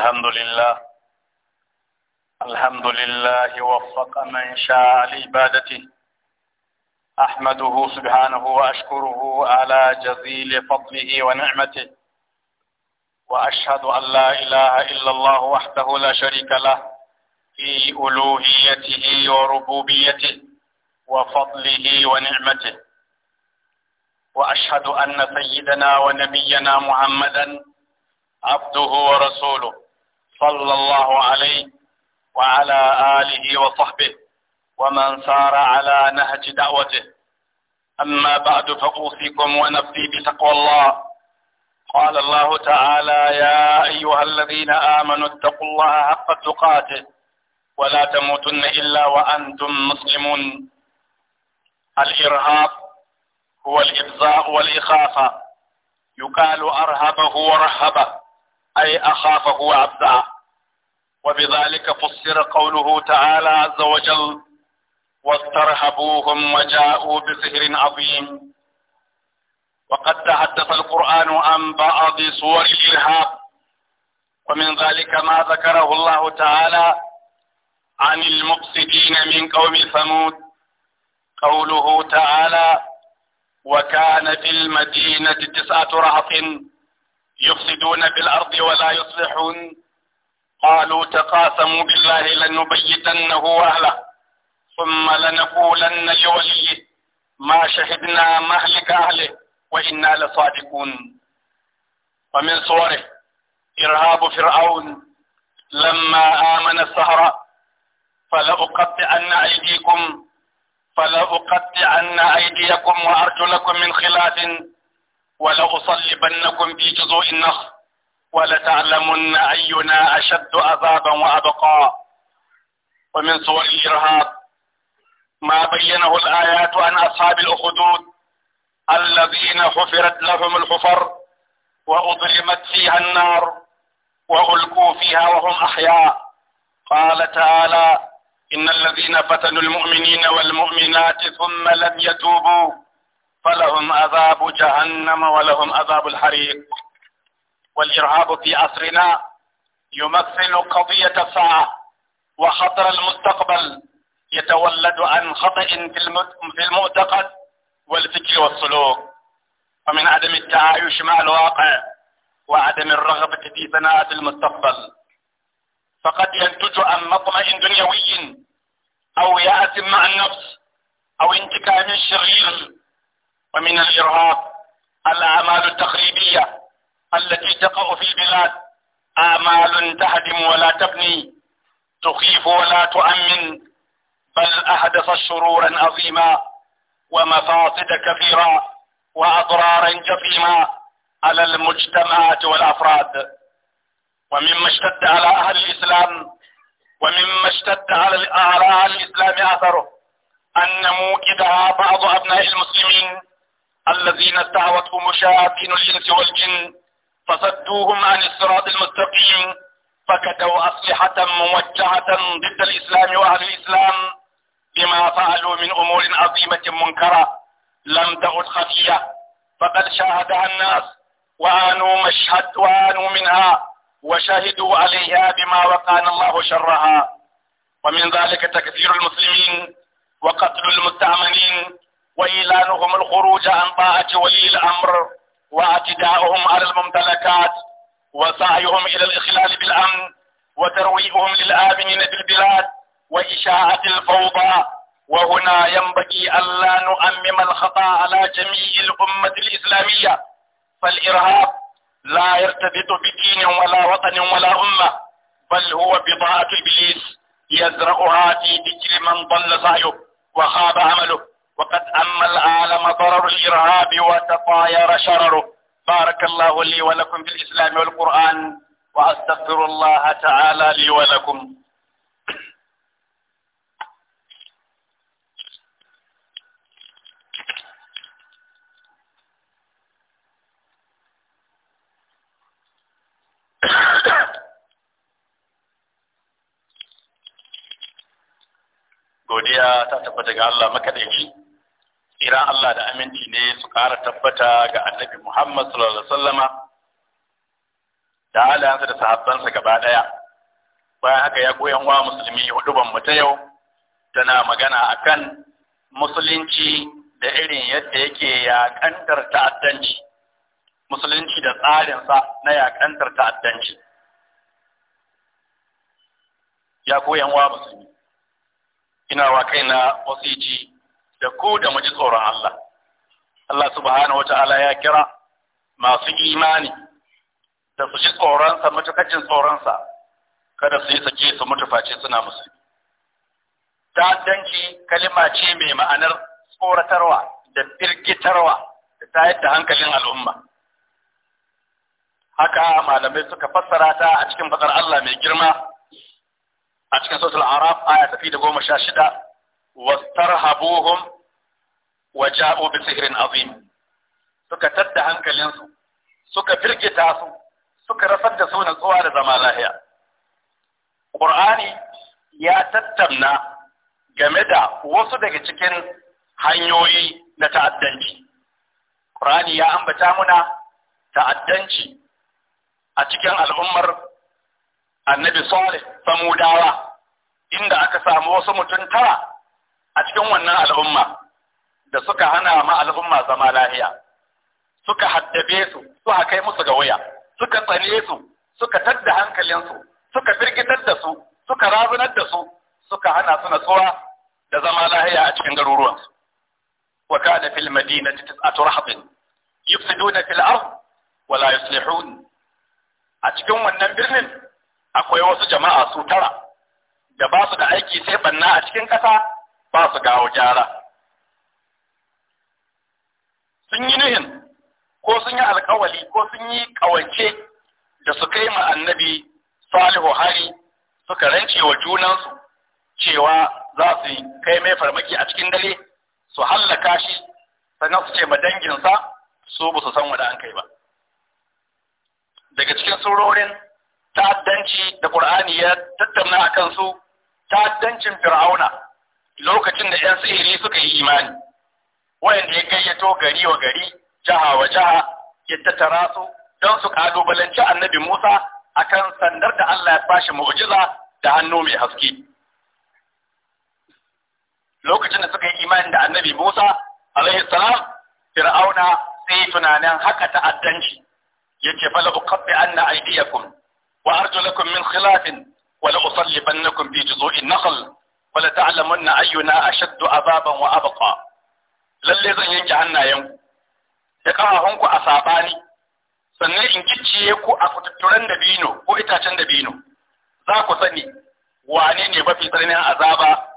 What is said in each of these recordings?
الحمد لله الحمد لله وفق من شاء لعبادته أحمده سبحانه وأشكره على جزيل فضله ونعمته وأشهد أن لا إله إلا الله وحده لا شريك له في ألوهيته وربوبيته وفضله ونعمته وأشهد أن سيدنا ونبينا محمدا عبده ورسوله صلى الله عليه وعلى آله وصحبه ومن سار على نهج دعوته أما بعد فأوصيكم ونفسي بتقوى الله قال الله تعالى يا أيها الذين آمنوا اتقوا الله حق تقاته ولا تموتن إلا وأنتم مسلمون الإرهاب هو الإفزاء والإخافة يقال أرهبه ورهبه أي أخافه وأفزعه وبذلك فسر قوله تعالى عز وجل واسترهبوهم وجاءوا بسحر عظيم وقد تحدث القرآن عن بعض صور الإرهاب ومن ذلك ما ذكره الله تعالى عن المفسدين من قوم ثمود قوله تعالى وكان في المدينة تسعة رهط يفسدون في الأرض ولا يصلحون قالوا تقاسموا بالله لنبيتنه وأهله ثم لنقولن لوليه ما شهدنا مهلك أهله وإنا لصادقون ومن صوره إرهاب فرعون لما آمن السهرة فلأقطعن أيديكم فلأقطعن أيديكم وأرجلكم من خلاف ولأصلبنكم في جذوع النخل ولتعلمن أينا أشد عذابا وأبقى ومن صور الإرهاب ما بينه الآيات عن أصحاب الأخدود الذين حفرت لهم الحفر وأظلمت فيها النار وألقوا فيها وهم أحياء قال تعالى إن الذين فتنوا المؤمنين والمؤمنات ثم لم يتوبوا فلهم عذاب جهنم ولهم عذاب الحريق والإرهاب في عصرنا يمثل قضية الساعة وخطر المستقبل يتولد عن خطأ في المعتقد والفكر والسلوك ومن عدم التعايش مع الواقع وعدم الرغبة في بناء المستقبل فقد ينتج عن مطمئن دنيوي أو يأس مع النفس أو انتكام شرير ومن الإرهاب الأعمال التخريبية التي تقع في البلاد آمال تهدم ولا تبني تخيف ولا تؤمن بل أحدث شرورا عظيما ومفاصد كثيرة وأضرارا جسيما على المجتمعات والأفراد ومما اشتد على أهل الإسلام ومما اشتد على أهل الإسلام أثره أن موكدها بعض أبناء المسلمين الذين استعوتهم مشاكين الإنس والجن فصدوهم عن الصراط المستقيم فكتوا أسلحة موجهة ضد الإسلام وأهل الإسلام بما فعلوا من أمور عظيمة منكرة لم تعد خفية فقد شاهدها الناس وآنوا مشهد وآنوا منها وشهدوا عليها بما وقانا الله شرها ومن ذلك تكفير المسلمين وقتل المستعملين وإيلانهم الخروج عن طاعة ولي الأمر واعتداؤهم على الممتلكات وسعيهم إلى الإخلال بالأمن وترويئهم للآمنين بالبلاد وإشاعة الفوضى وهنا ينبغي ألا نؤمم الخطأ على جميع الأمة الإسلامية فالإرهاب لا يرتبط بدين ولا وطن ولا أمة بل هو بضاعة إبليس يزرعها في ذكر من ضل سعيه وخاب عمله وقد أما العالم ضرر الإرهاب وتطاير شرره بارك الله لي ولكم في الإسلام والقرآن وأستغفر الله تعالى لي ولكم godiya ta tabbata ga Allah makadaici iran Allah da aminci ne su ƙara tabbata ga annabi Muhammad sallallahu alaihi wasallama da alayansa da sahabbansa gaba ɗaya bayan haka ya goyon wa musulmi hudu mu ta yau tana magana akan musulunci da irin yadda yake yaƙantar ta'addanci musulunci da tsarinsa na yaƙantar ta'addanci ya goyon wa musulmi ina wa kaina wasiji da ku da mu ji tsoron Allah Allah subhanahu wata'ala ya kira masu imani da su ji tsoronsa matukacin tsoronsa kada su yi sake su mutu suna musu. ta'addanci kalima ce mai ma'anar tsoratarwa da firgitarwa da ta yadda hankalin al'umma haka malamai suka fassara ta a cikin fasar Allah mai girma a cikin sautul Arab aya tafi da goma sha shida wastarhabuhum wa ja'u bi sihrin azim suka tadda hankalinsu suka firgita su suka rasar da su natsuwa da zama lahiya Qur'ani ya tattauna game da wasu daga cikin hanyoyi na ta'addanci Ƙur'ani ya ambata muna ta'addanci a cikin al'ummar annabi Salih famudawa inda aka samu wasu mutum tara a cikin wannan al'umma da suka hana ma al'umma zama lahiya suka haddabe su suka kai musu ga waya suka tsane su suka tadda hankalinsu suka firgitar da su suka razunar da su suka hana su natsuwa da zama lahiya a cikin garuruwansu wa kana fil madinati tis'atu rahbin yufsiduna fil ard wa la yuslihun a cikin wannan birnin akwai wasu jama'a su tara da ba su da aiki sai banna a cikin ƙasa ba su gawo gyara sun yi nihin ko sun yi alkawali ko sun yi kawance da su kai ma annabi salihu hari suka rance wa junansu cewa za su kai mai farmaki a cikin dare su hallaka shi sannan su ce ma danginsa su ba su san wani an kai ba daga cikin surorin ta'addanci da ƙur'ani ya tattauna a kansu ta'addancin fir'auna lokacin da 'yan sihiri suka yi imani wanda ya gayyato gari wa gari jaha wa jaha ya tattara su don su ƙalubalanci annabi Musa akan sandar da Allah ya bashi mu'jiza da hannu mai haske lokacin da suka yi imani da annabi Musa alaihi salam fir'auna sai tunanin haka ta'addanci yace la uqabbi anna aydiyakum wa arjulakum min khilafin wa la usallibannakum fi juzu'in nakhl wala na ayyuna ashaddu azaban wa abqa lalle zan yanke hannayen ku. da kafafun ku a sabani sannan in gicciye ku a da dabino ko itacen dabino za ku sani wane ne mafi tsananin azaba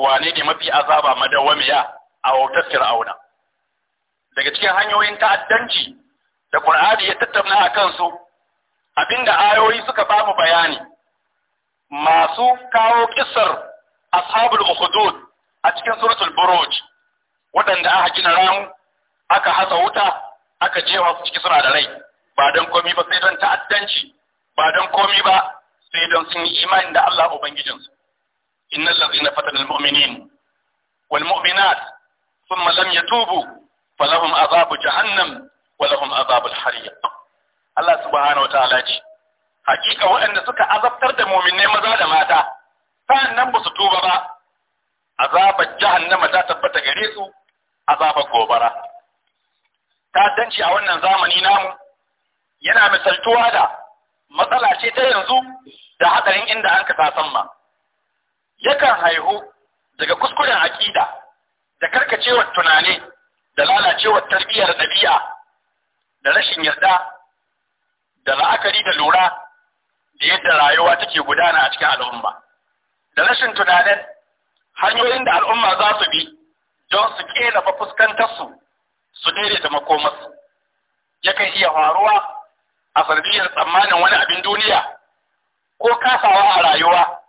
wane ne mafi azaba madawamiya a wautar fir'auna daga cikin hanyoyin ta'addanci da Qur'ani ya tattauna a kansu abinda ayoyi suka bamu bayani masu kawo kissar ashabul ukhdud a cikin suratul buruj waɗanda aka gina ramu aka hasa wuta aka jewa su ciki suna da rai ba don komi ba sai don ta'addanci ba don komi ba sai don sun yi imani da Allah ubangijinsu innal ladzina fatana almu'minin wal mu'minat thumma lam yatubu falahum azabu jahannam wa lahum azabu al-hariq Allah subhanahu wa ta'ala ce hakika waɗanda suka azabtar da mu'minai maza da mata sa'an nan ba su tuba ba azabar jahannama ta tabbata gare su azabar gobara ta danci a wannan zamani namu yana misaltuwa da matsala ce ta yanzu da hadarin inda an ka ma. yakan haihu daga kuskuren aƙida da karkacewar tunani da lalacewar tarbiyyar ɗabi'a da rashin yarda da la'akari da lura da yadda rayuwa take gudana a cikin al'umma da rashin tunanin hanyoyin da al'umma za su bi don su ƙelafa fuskantarsu su da makomarsu yakan iya faruwa a sanadiyar tsammanin wani abin duniya ko kasawa a rayuwa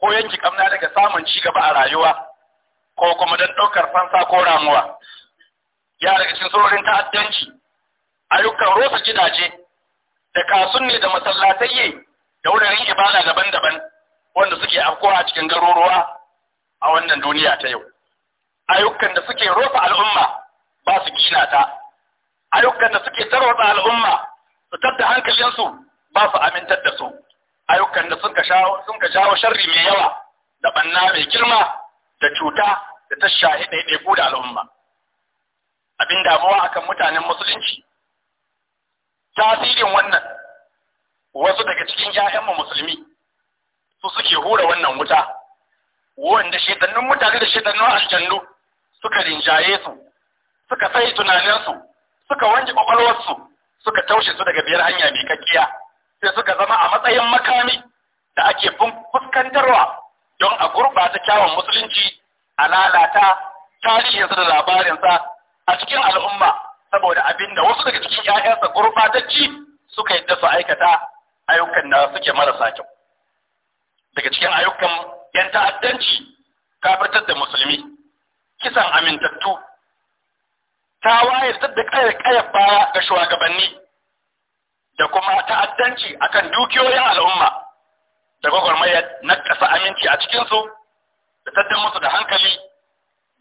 ko yanki kamna daga samun ci gaba a rayuwa ko kuma don ɗaukar fansa ko ramuwa ya daga cikin sororin ta'addanci ayyukan rosa gidaje da kasunne da masallatayye da wuraren ibada daban-daban wanda suke afkowa a cikin garuruwa a wannan duniya ta yau ayyukan da suke rufe al'umma ba su gina ta ayyukan da suke sarauta al'umma su tatta hankalinsu ba su amintar da su ayyukan da sun ka shawo sharri mai yawa da banna mai girma da cuta da ta shahi ɗaiɗaiku da al'umma abin damuwa akan mutanen musulunci tasirin wannan wasu daga cikin 'ya'yanmu musulmi su suke hura wannan wuta wanda shedannun mutane da shedannun aljannu suka rinjaye su suka sai tunaninsu suka wanke kwakwalwarsu suka taushe su daga biyar hanya mai kakkiya sai suka zama a matsayin makami da ake fuskantarwa don a gurɓata kyawun musulunci a lalata tarihinsa da labarinsa a cikin al'umma saboda abin da wasu daga cikin ‘ya'yansa gurbatacci suka yi su aikata ayyukan da suke marasa kyau. daga cikin ayyukan yan ta'addanci kafirtar da musulmi kisan amintattu ta wayar da kayar baya ga shugabanni da kuma ta'addanci akan dukiyoyin al'umma da gwagwarmayar na ƙasa aminci a cikinsu da tattan musu da hankali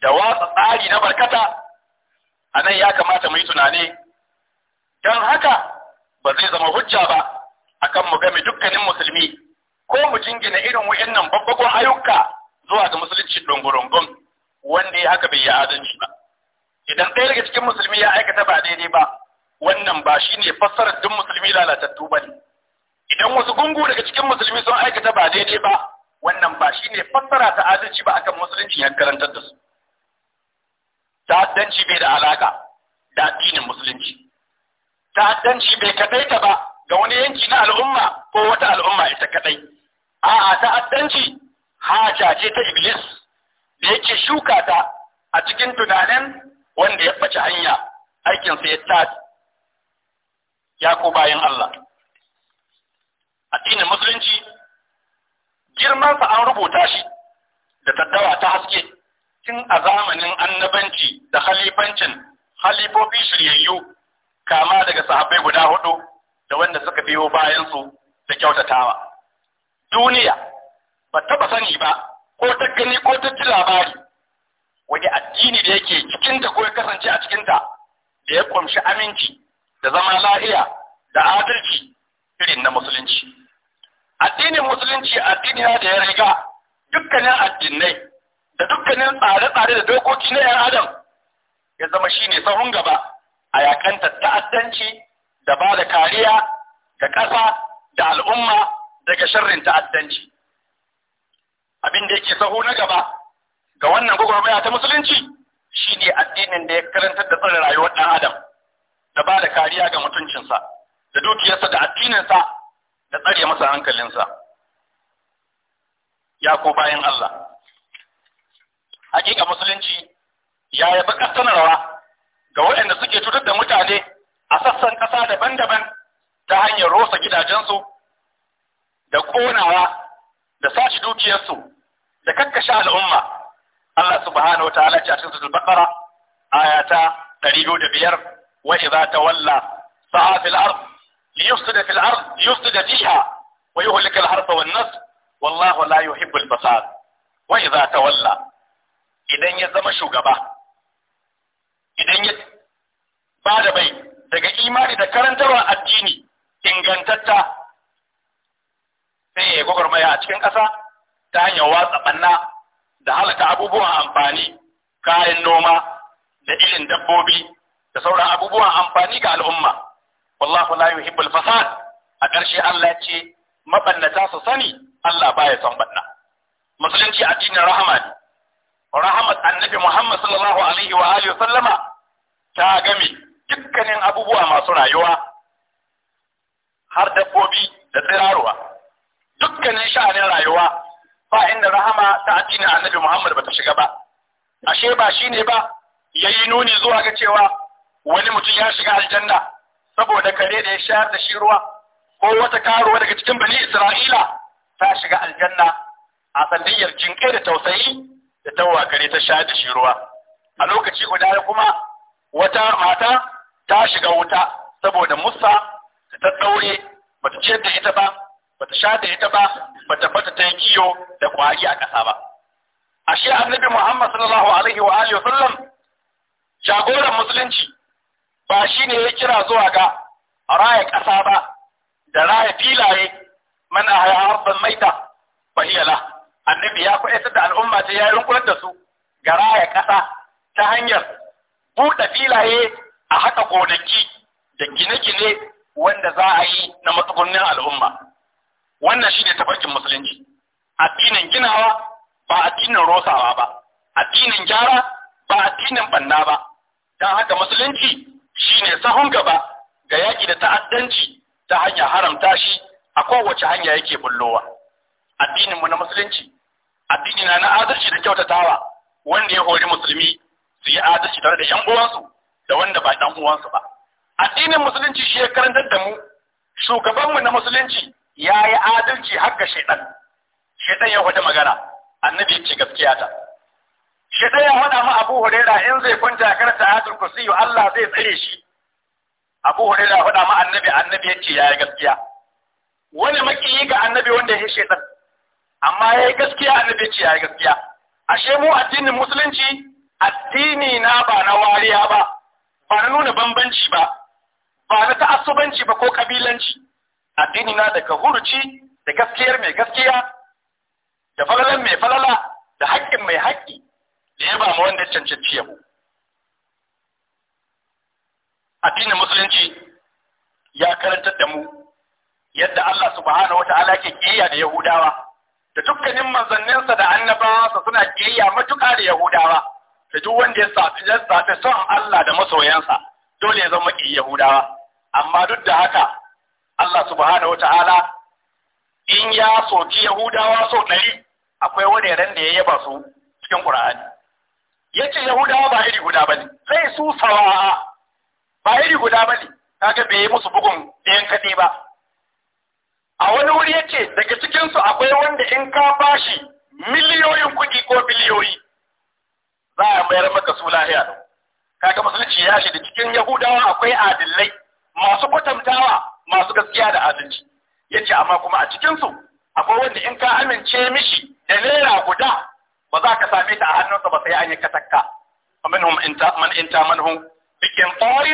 da watsa tsari na barkata Anan ya kamata mu yi tunani don haka ba zai zama hujja ba akan mu game dukkanin musulmi ko mu jingina irin wa'annan babbagon ayyuka zuwa ga musulunci dungurungun wanda ya haka bai yi adalci ba idan ɗaya daga cikin musulmi ya aikata ba daidai ba wannan ba shi ne fassarar duk musulmi lalatattu ba ne idan wasu gungu daga cikin musulmi sun aikata ba daidai ba wannan ba shi ne fassara ta adalci ba akan musulunci ya karantar da su ta'addanci bai da alaka da addinin musulunci ta'addanci bai kadaita ba ga wani yanki na al'umma ko wata al'umma ita kadai a'a ta'addanci haja ce ta iblis da yake shuka ta a cikin tunanin wanda ya ɓace hanya aikin sa ya ta ya ko bayan Allah A addinin musulunci girmansa an rubuta shi da tattawa ta haske tun a zamanin annabanci da halifancin halifofi shiryayyu kama daga sahabbai guda hudu da wanda suka biyo bayan su da kyautatawa duniya ba taba sani ba ko ta gani ko ta ji labari wani addini da yake cikinta ko ya kasance a ta da ya kumshi aminci da zama lahiya da adalci irin na musulunci addinin musulunci addini na da ya riga dukkanin addinai da dukkanin tsare-tsare da dokoki na 'yan adam ya zama shine sahun gaba a yakanta ta'addanci da ba da kariya ga ƙasa da al'umma daga sharrin ta'addanci abin da yake saho na gaba ga wannan gwagwarmaya ta musulunci shine addinin da ya karantar da tsarin rayuwar ɗan adam da ba da kariya ga mutuncinsa da dukiyarsa da addininsa da tsare masa hankalinsa ya ko bayan Allah hakika musulunci ya yi bakar sanarwa ga waɗanda suke cutar da mutane a sassan ƙasa daban-daban ta hanyar rosa gidajensu da ƙonawa da sashi dukiyarsu da kakkashe al'umma Allah subhanahu wa ta'ala ce a cikin suratul baqara aya ta 205 wa idza tawalla sa'a fil ard liyufsida fil ard liyufsida fiha wa yuhlika al harfa wan nas wallahu la yuhibbu al fasad wa idza tawalla idan ya zama shugaba idan ya bada bai daga imani da karantarwa addini ingantatta sai ya gwagwarmaya a cikin ƙasa ta hanyar watsa ɓanna da halaka abubuwan amfani kayan noma da ilin dabbobi da sauran abubuwan amfani ga al'umma wallahu la yuhibbul fasad a ƙarshe Allah ce mabannata su sani Allah baya son banna musulunci addinin rahama ne rahamat annabi Muhammad sallallahu alaihi wa alihi sallama ta game dukkanin abubuwa masu rayuwa har dabbobi da tsirarwa dukkanin sha'anin rayuwa ba inda rahama ta addinin annabi Muhammad bata shiga ba ashe ba shine ba yayi nuni zuwa ga cewa wani mutum ya shiga aljanna saboda kare da ya shayar da shi ruwa ko wata karuwa daga cikin bani Isra'ila ta shiga aljanna a sandiyyar jinkai da tausayi da tawa kare ta shayar da shi ruwa a lokaci guda kuma wata mata ta shiga wuta saboda musa da ta daure bata ciyar da ita ba bata sha da ita ba bata bata ta kiyo da kwari a ƙasa ba ashe annabi Muhammad sallallahu alaihi wa alihi wasallam jagoran musulunci ba shi ne ya kira zuwa ga raya ƙasa ba da raya filaye man ahya ardan maita fa hiya la annabi ya faɗa da al'umma ta yayin kullun da su ga raya ƙasa ta hanyar buɗe filaye a haka gonaki da gine-gine wanda za a yi na matsugunnin al'umma wannan shi ne tafarkin musulunci addinin ginawa ba addinin rosawa ba addinin gyara ba addinin banna ba don haka musulunci shi ne sahun gaba ga yaƙi da ta'addanci ta hanya haramta shi a kowace hanya yake bullowa addinin mu na musulunci addini na na adalci da kyautatawa wanda ya hori musulmi su yi adalci tare da yan uwansu da wanda ba 'yan uwansu ba addinin musulunci shi ya karantar da mu shugabanmu na musulunci ya yi adalci haka shaidan shaidan ya hudu magana annabi ya ce gaskiya ta shaidan ya hudu ma abu huraira in zai kwanta karanta ayatul kursiyu Allah zai tsare shi abu huraira hudu ma annabi annabi ya ce ya yi gaskiya wani makiyi ga annabi wanda ya shaidan amma ya yi gaskiya annabi ya ce ya yi gaskiya ashe mu addinin musulunci addini na ba na wariya ba ba na nuna bambanci ba ba na ta'assubanci ba ko addini na daga huruci da gaskiyar mai gaskiya da falalan mai falala da haƙƙin mai haƙƙi da ya ba mu wanda cancanci yabo addinin musulunci ya karantar da mu yadda Allah subhanahu wata'ala ke kiyaya da Yahudawa da dukkanin manzanninsa da annabawansa suna kiyaya matuƙa da Yahudawa da duk wanda ya safi ya son Allah da masoyansa dole ya zama ƙi Yahudawa amma duk da haka Allah subhanahu wata'ala in ya soki Yahudawa so ɗari akwai wani ran da ya yaba su cikin Qur'ani yace Yahudawa ba iri guda bane sai su sawa ba iri guda bane kaga bai yi musu bugun ɗayan kaɗai ba a wani wuri yace daga cikinsu akwai wanda in ka bashi miliyoyin kuɗi ko biliyoyi za a mayar maka su lahiya kaga musulunci ya shi da cikin Yahudawa akwai adillai masu kwatantawa masu gaskiya da adalci yace amma kuma a cikin su akwai wanda in ka amince mishi da naira guda ba za ka same ta a hannunsa ba sai an yi katakka ومنهم من انت منه بقنطار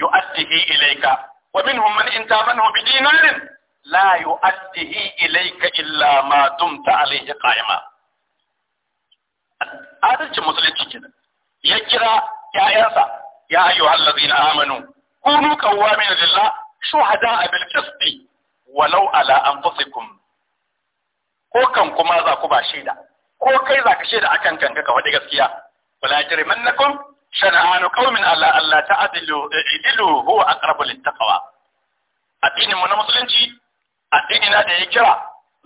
يؤديه إليك ومنهم من انت منه بدينار لا يؤديه إليك إلا ما دمت عليه قائما adalci musulunci ya kira ‘ya'yansa ya ayyuhal lazina amanu kunu qawwamin shuhada bil qisti walau ala anfusikum ko kan kuma za ku ba shaida ko kai za ka shaida akan kanka ka faɗi gaskiya wala jirimannakum shana'anu qaumin alla alla ta'dilu idilu a aqrabu littaqwa addinin mu na musulunci addini na da ya kira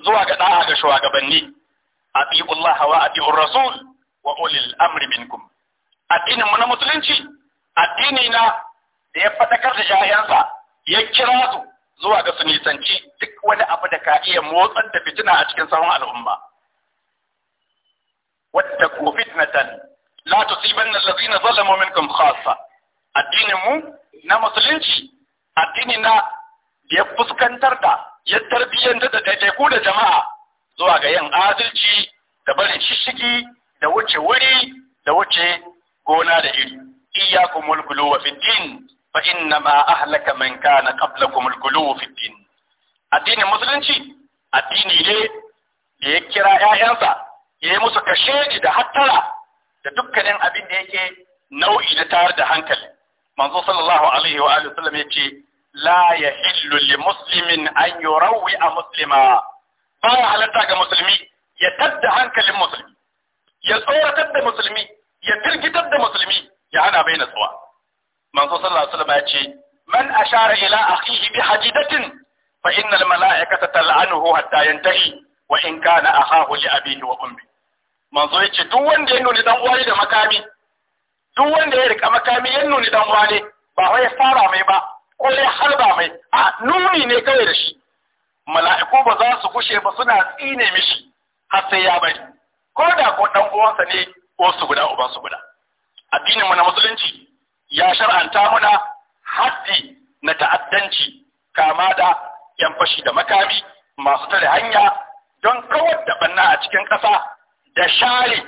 zuwa ga da'a ga shugabanni atiullaha wa atiur rasul wa ulil amri minkum addinin mu na musulunci addini na da ya fadakar da jayansa ya kira su zuwa ga su nisanci duk wani abu da ka iya motsar da fitina a cikin tsawon al'umma Wadda wattaku fitnatan la na allazina zalamu minkum khassa addinin mu na musulunci addini na da ya fuskantar da ya tarbiyyanta da daidaiku da jama'a zuwa ga yin adalci da barin shishigi da wuce wuri da wuce gona da iri iyakun mulkulu wa fitin fa inna ma ahlaka man kana qablakum al-ghuluw fi addinin musulunci addini ne da ya kira 'ya'yansa ya yi musu kashe da hattara da dukkanin abin da yake nau'i na tare da hankali manzo sallallahu alaihi wa alihi wasallam yace la yahillu li muslimin an yurawi a muslima ba halatta ga musulmi ya tadda hankalin musulmi ya tsoratar da musulmi ya tirgitar da musulmi ya hana bai natsuwa manzo sallallahu alaihi wasallam ce man ashara ila akhihi bi hajidatin fa innal mala'ikata tal'anuhu hatta yantahi wa in kana akhahu li abihi wa ummi manzo yace duk wanda ya nuna dan uwa da makami duk wanda ya rika makami ya nuni dan uwa ne ba wai ya fara mai ba ko ya harba mai a nuni ne kawai da shi mala'iku ba za su gushe ba suna tsine mishi har sai ya bari ko da ko dan uwansa ne ko su guda uban su guda addinin mu na musulunci ya shar'anta muna haddi na ta'addanci kama da yan fashi da makami masu tare hanya don kawar da banna a cikin ƙasa da share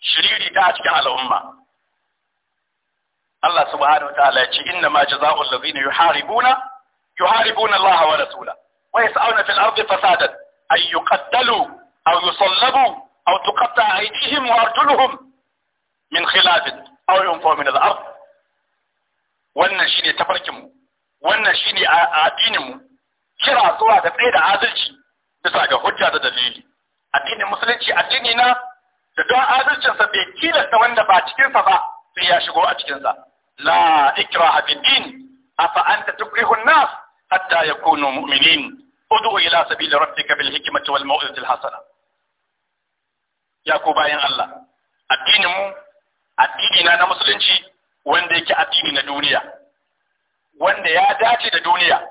shiriri ta a cikin al'umma Allah subhanahu wa ta'ala ya ce inna ma jazaa'u allazina yuharibuna yuharibuna Allah wa rasula wa yas'auna fil ardi fasadan ay yuqaddalu aw yusallabu aw tuqatta aydihim wa arjuluhum min khilaf aw yunfaw min al-ard wannan shi ne tafarkinmu wannan ne a addininmu kira zuwa ga tsaye da adalci bisa ga hujja da dalili addinin musulunci addini na da don adalcinsa bai tilasta wanda ba cikinsa ba sai ya shigo a cikinsa la ikraha fi din afa anta tukrihu an-nas hatta yakunu mu'minin ud'u ila sabili rabbika bil hikmati wal mau'izati hasana ya ko bayan Allah addinin mu addini na na musulunci wanda yake addini na duniya wanda ya dace da duniya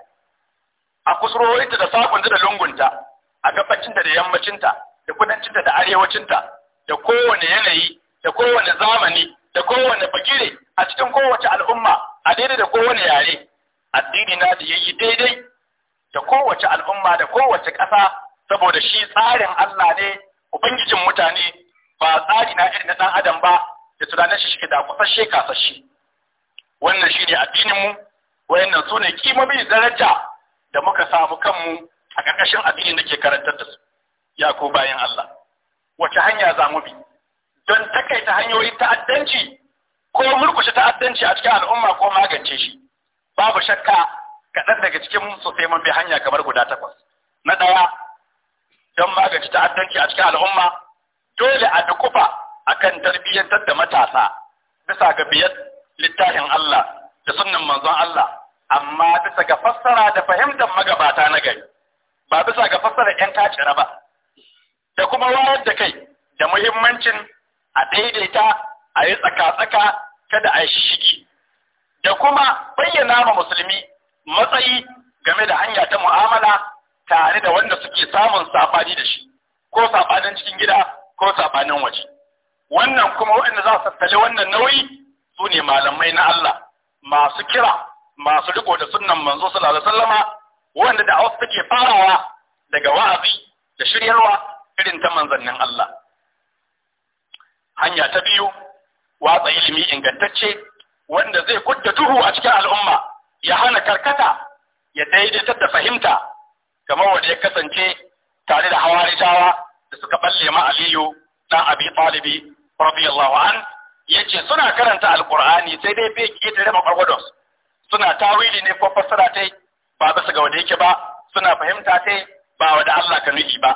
a kusurorinta da sabunta da lungunta a gabacinta da yammacinta da kudancinta da arewacinta da kowane yanayi da kowane zamani da kowane fakire a cikin kowace al'umma a daidai da kowane yare addini na da yayi daidai da kowace al'umma da kowace ƙasa saboda shi tsarin Allah ne ubangijin mutane ba tsari na irin na ɗan adam ba da tunanin shi shike da kusashe kasashe wannan shine addinin mu wayannan su ne kimomi daraja da muka samu kanmu a ƙarƙashin addinin da ke karantar da su ya ko bayan Allah wace hanya za mu bi don takaita hanyoyin ta'addanci ko murkushe ta'addanci a cikin al'umma ko magance shi babu shakka kaɗan daga cikin su sai mun bi hanya kamar guda takwas na ɗaya don magance ta'addanci a cikin al'umma dole a dukufa akan tarbiyyantar da matasa bisa ga biyar littafin Allah da sunnan manzon Allah amma bisa ga fassara da fahimtar magabata na gari ba bisa ga fassara ƴan kacira ba da kuma wayar da kai da muhimmancin a daidaita a yi tsaka-tsaka kada a yi shiki da kuma bayyana ma musulmi matsayi game da hanya ta mu'amala tare da wanda suke samun saɓani da shi ko saɓanin cikin gida ko sabanin waje wannan kuma waɗanda za su tattale wannan nauyi su ne malamai na Allah masu kira masu riko da sunnan manzo sallallahu alaihi wasallama wanda da wasu take farawa daga wa'azi da shiryarwa irin ta manzannin Allah hanya ta biyu watsa ilimi ingantacce wanda zai kudda duhu a cikin al'umma ya hana karkata ya daidaita da fahimta kamar wanda ya kasance tare da hawarijawa da suka balle ma Aliyu dan Abi Talibi radiyallahu an yace suna karanta alqur'ani sai dai bai ke tare kwargwadon suna tawili ne ko fassara ta ba su ga wanda yake ba suna fahimta ta ba wanda Allah ka nufi ba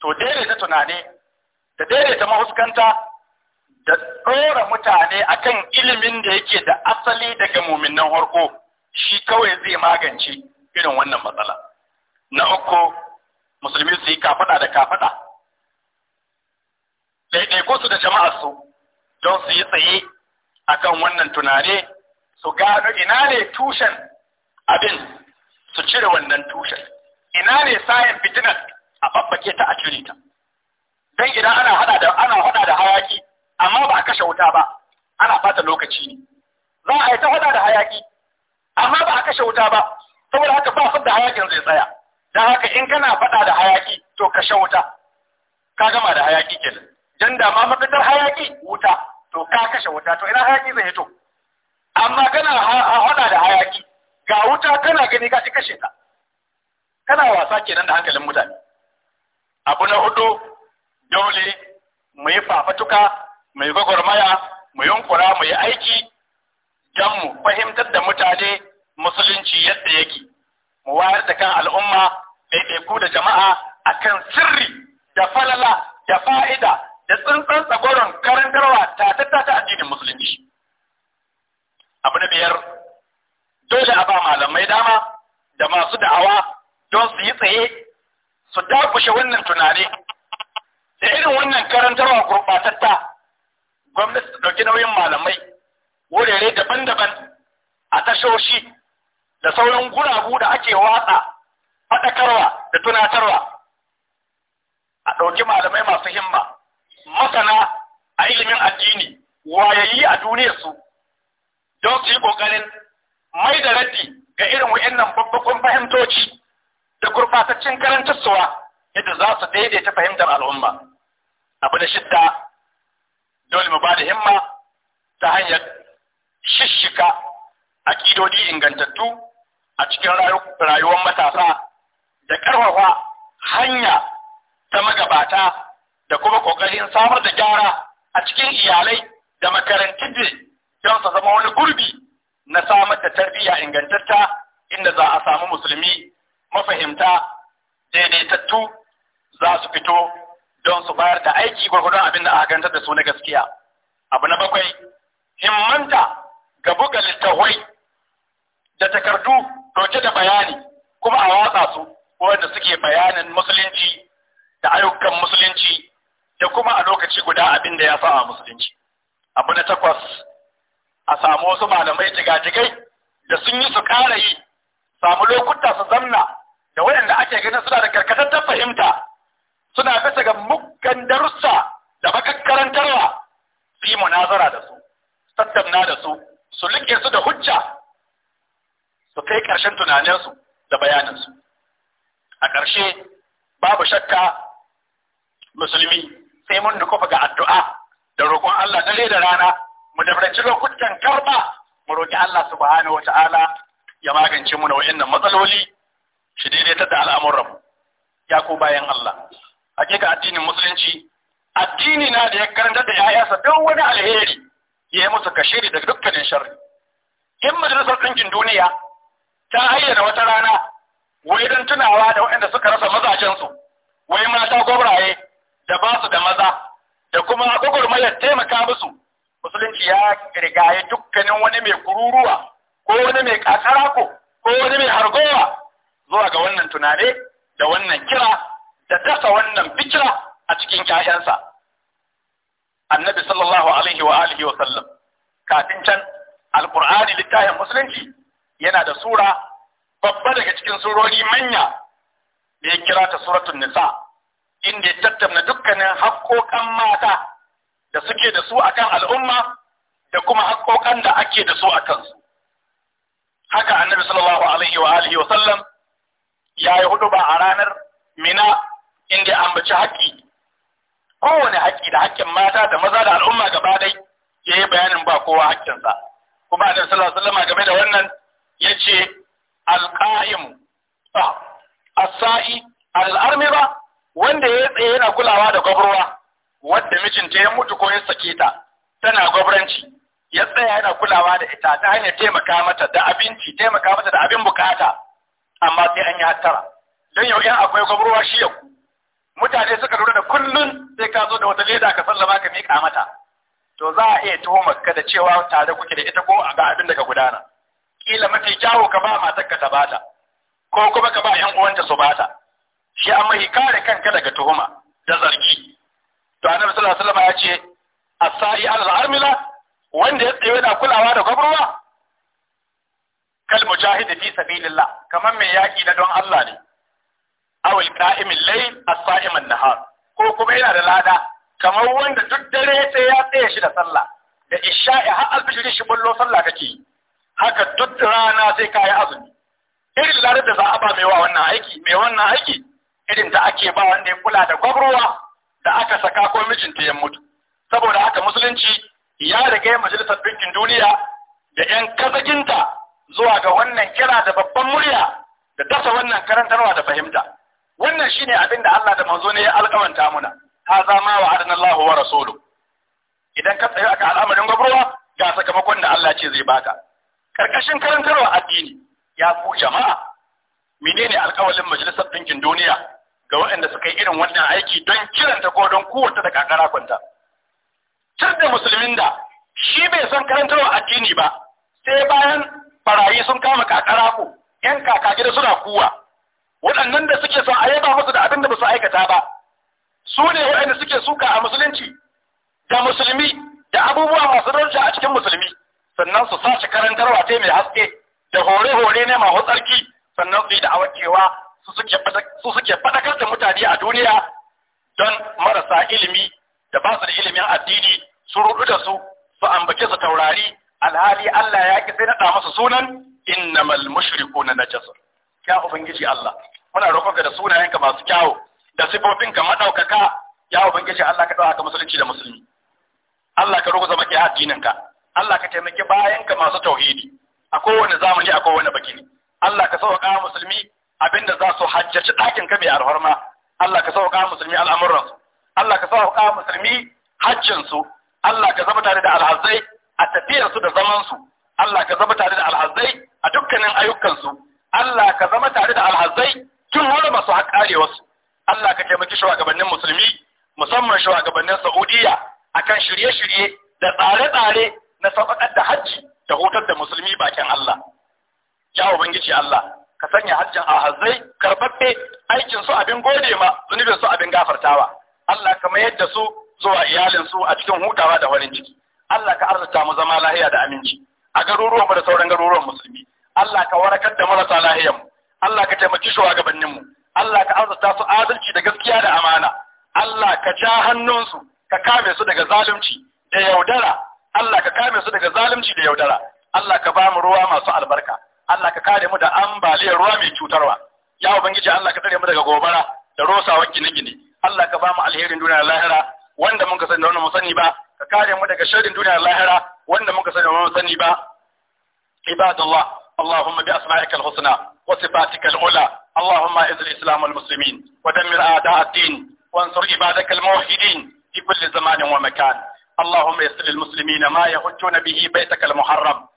to ta tunani da ta mahuskanta da tsora mutane akan ilimin da yake da asali daga muminan harko shi kawai zai magance irin wannan matsala na uku musulmi su yi kafada da kafada ɗaiɗaiko su da jama'ar su don su yi tsaye akan wannan tunane su gano ina ne tushen abin su cire wannan tushen ina ne sayan fitinar a babbake ta a cire ta dan idan ana hada da ana hada da hayaki amma ba a kashe wuta ba ana fata lokaci ne za a yi ta hada da hayaki amma ba a kashe wuta ba saboda haka ba da hayakin zai tsaya dan haka in kana fada da hayaki to kashe wuta ka gama da hayaki kenan dan da ma mafitar hayaki wuta to ka kashe wuta to ina hayaki zai to amma kana hada da hayaki ga wuta kana gani ka ci kashe ta kana wasa kenan da hankalin mutane abu na hudu dole mu yi fafatuka mu yi gwagwarmaya mu yunkura mu yi aiki don mu fahimtar da mutane musulunci yadda yake mu wayar da kan al'umma ɗaiɗaiku da jama'a akan sirri da falala da fa'ida da tsintsan tsagoron karantarwa ta tattata addinin musulunci abu na biyar dole a ba malamai dama da masu da'awa don su yi tsaye su dakushe wannan tunani da irin wannan karantarwa gurɓatatta gwamnati su ɗauki nauyin malamai wurare daban-daban a tashoshi da sauran guragu da ake watsa faɗakarwa da tunatarwa a ɗauki malamai masu himma masana a ilimin addini yi a su don su yi ƙoƙarin mai da raddi ga irin waɗannan babbakon fahimtoci da gurɓataccen karantarsuwa yadda za su daidaita fahimtar al'umma abu da shidda dole mu ba da himma ta hanyar shishika aƙidodi ingantattu a cikin rayuwar matasa da ƙarfafa hanya ta magabata da kuma kokarin samar da gyara a cikin iyalai da makarantun da don su zama wani gurbi na samar da tarbiyya ingantatta inda za a samu musulmi mafahimta daidaitattu za su fito don su bayar da aiki gwargwadon abin da aka gantar da su na gaskiya abu na bakwai himmanta ga buga littawai da takardu dauke da bayani kuma a watsa su wanda suke bayanin musulunci da ayyukan musulunci da kuma a lokaci guda abin da ya sa a musulunci abu na takwas a samu wasu malamai jigajigai da sun yi su ƙara yi samu lokuta su zamna da waɗanda ake ganin suna da karkatattar fahimta suna bisa ga muggan darussa da makakkarantarwa su yi munazara da su tattauna da su su liƙe su da hujja su kai ƙarshen tunaninsu da bayaninsu a ƙarshe babu shakka musulmi sai mun kofa ga addu'a da roƙon Allah dare da rana mu dabarci lokutan karba mu roƙi Allah subhanahu wa ta'ala ya magance mu na wayannan matsaloli shi ta da al'amuran ya ko bayan Allah hakika addinin musulunci addini na da ya karanta da yayasa don wani alheri ya yi musu kashiri da dukkanin sharri in majalisar ɗinkin duniya ta ayyana wata rana wai don tunawa da waɗanda suka rasa mazajensu wai mata gwabraye da ba su da maza da kuma gwagwarmayar taimaka musu musulunci ya rigaye dukkanin wani mai kururuwa ko wani mai kasara ko wani mai hargowa zuwa ga wannan tunane da wannan kira da dasa wannan fikira a cikin kayansa annabi sallallahu alaihi wa alihi wa sallam kafin can alqur'ani littafin musulunci yana da sura babba daga cikin surori manya da ya kira ta suratul nisa inda ya tattauna dukkanin haƙoƙan mata da suke da su akan al'umma da kuma haƙoƙan da ake da su a kansu haka annabi sallallahu alaihi wa alihi wa sallam ya yi hudu ba a ranar mina inda ya ambaci haƙƙi kowane haƙƙi da haƙƙin mata da maza da al'umma gaba dai ya yi bayanin ba kowa haƙƙinsa kuma annabi sallallahu alaihi wa sallam game da wannan ya ce alƙa'im as-sa'i ba. wanda ya tsaye yana kulawa da gwabarwa wadda mijinta ya mutu ko ya sake ta tana gwabranci ya tsaya yana kulawa da ita ta hanyar taimaka mata da abinci taimaka mata da abin bukata amma sai an yi hattara don yau in akwai gwabarwa shi yau mutane suka lura da kullun sai ka zo da wata leda ka sallama ka miƙa mata to za a iya tuhuma ka da cewa tare kuke da ita ko a ga abin da ka gudana kila mafi kyawu ka ba matar ka ta bata ko kuma ka ba yan uwanta su bata shi amma ki kare kanka daga tuhuma da zargi to annabi sallallahu alaihi wasallam ya ce asai al armila wanda ya tsaye yana kulawa da gwabruwa kal mujahid fi sabilillah kaman mai yaki na don Allah ne aw al qa'im al layl as-sa'im an-nahar ko kuma yana da lada kamar wanda duk dare sai ya tsaye shi da sallah da isha'i har alfijiri shi bullo sallah kake haka duk rana sai kai azumi irin ladar da za a ba mai wa wannan aiki mai wannan aiki irin da ake ba wanda ya kula da gwabruwa da aka saka ko mijinta ya mutu saboda haka musulunci ya riga ya majalisar ɗinkin duniya da 'yan kazaginta zuwa ga wannan kira da babban murya da dasa wannan karantarwa da fahimta wannan shine abin da Allah da manzo ne ya alƙawanta muna ta ma wa adana wa rasulu idan ka tsaye aka al'amarin gwabruwa ga sakamakon da Allah ce zai baka karkashin karantarwa addini ya ku jama'a menene alƙawalin majalisar ɗinkin duniya ga waɗanda suka yi irin wannan aiki don kiranta ko don kowace da kakara kwanta. Cir da musulmin da shi bai son karantarwa addini ba, sai bayan barayi sun kama kakara ku. ‘yan kaka gida suna kuwa. Waɗannan da suke son a yaba musu da abin da ba su aikata ba, su ne waɗanda suke suka a musulunci da musulmi da abubuwa masu daraja a cikin musulmi, sannan su sace karantarwa ta mai haske da hore-hore ne masu tsarki sannan su yi da cewa su suke fadakar da mutane a duniya don marasa ilimi da ba su da ilimin addini su rudu da su su ambace su taurari alhali Allah ya ki sai naɗa musu sunan innamal na najasa ya ubangiji Allah muna roƙon ka da sunayenka masu kyawu da sifofin ka madaukaka ya ubangiji Allah ka dauka musulunci da musulmi Allah ka zama ruguza addinin addininka Allah ka taimaki ka masu tauhidi a kowane zamani a kowane bakini Allah ka sauka musulmi abinda za su hajjaci ɗakin ka mai alhorma Allah ka sauka musulmi al'amuran su Allah ka sauka musulmi hajjin su Allah ka zama tare da alhazai a tafiyar su da zaman su Allah ka zama tare da alhazai a dukkanin ayyukan su Allah ka zama tare da alhazai tun wani masu haƙarewar su Allah ka taimaki shugabannin musulmi musamman shugabannin Saudiya akan shirye-shirye da tsare-tsare na sauƙaƙar da hajji da hutar da musulmi bakin Allah ya ubangiji Allah ka sanya hajjin a karbabbe aikin su abin gode ma zunubin su abin gafartawa Allah ka mayar da su zuwa iyalinsu a cikin hutawa da farin ciki Allah ka arzuta mu zama lahiya da aminci a garuruwan da sauran garuruwan musulmi Allah ka warakar da marasa lahiyanmu. Allah ka taimaki shugabannin mu Allah ka arzuta su adalci da gaskiya da amana Allah ka ja hannunsu ka kame su daga zalunci da yaudara Allah ka kame su daga zalunci da yaudara Allah ka ba mu ruwa masu albarka Allah ka kare mu da ambaliyar ruwa mai cutarwa ya ubangiji Allah ka tsare mu daga gobara da rosawa gine-gine Allah ka ba mu alherin duniya lahira wanda mun ka sani da wanda mun sani ba ka kare mu daga sharrin duniya lahira wanda mun ka sani da wanda mun sani ba ibadallah اللهم بأسمائك الحسنى وصفاتك العلى اللهم اعز الإسلام والمسلمين ودمر أعداء الدين zamanin عبادك الموحدين في كل زمان ومكان اللهم يسر للمسلمين ما يحجون به بيتك المحرم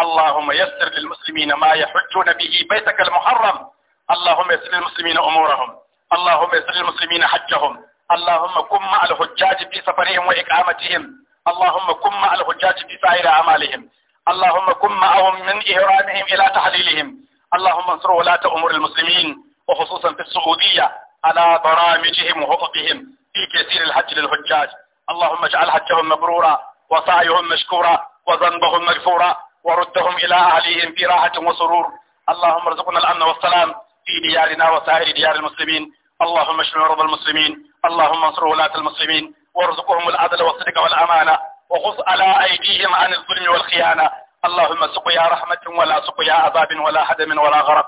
اللهم يسر للمسلمين ما يحجون به بيتك المحرم اللهم يسر للمسلمين أمورهم اللهم يسر للمسلمين حجهم اللهم كن مع الحجاج في سفرهم وإقامتهم اللهم كن مع الحجاج في سائر أعمالهم اللهم كن معهم من إهرامهم إلى تحليلهم اللهم انصر ولاة أمور المسلمين وخصوصا في السعودية على برامجهم وحقوقهم في كثير الحج للحجاج اللهم اجعل حجهم مبرورا وسعيهم مشكورا وذنبهم مغفورا وردهم إلى أهليهم في راحة وسرور اللهم ارزقنا الأمن والسلام في ديارنا وسائر ديار المسلمين اللهم اشف مرضى المسلمين اللهم انصر ولاة المسلمين وارزقهم العدل والصدق والأمانة وخص على أيديهم عن الظلم والخيانة اللهم سقيا رحمة ولا سقيا عذاب ولا هدم ولا غرق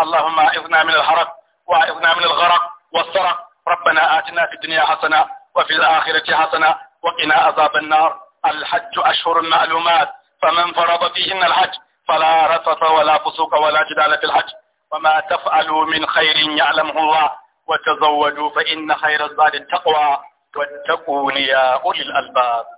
اللهم اعذنا من الحرق واعذنا من الغرق والسرق ربنا آتنا في الدنيا حسنة وفي الآخرة حسنة وقنا عذاب النار الحج أشهر معلومات فمن فرض فيهن الحج فلا رفث ولا فسوق ولا جدال في الحج وما تفعلوا من خير يعلمه الله وتزودوا فإن خير الزاد التقوى واتقون يا أولي الألباب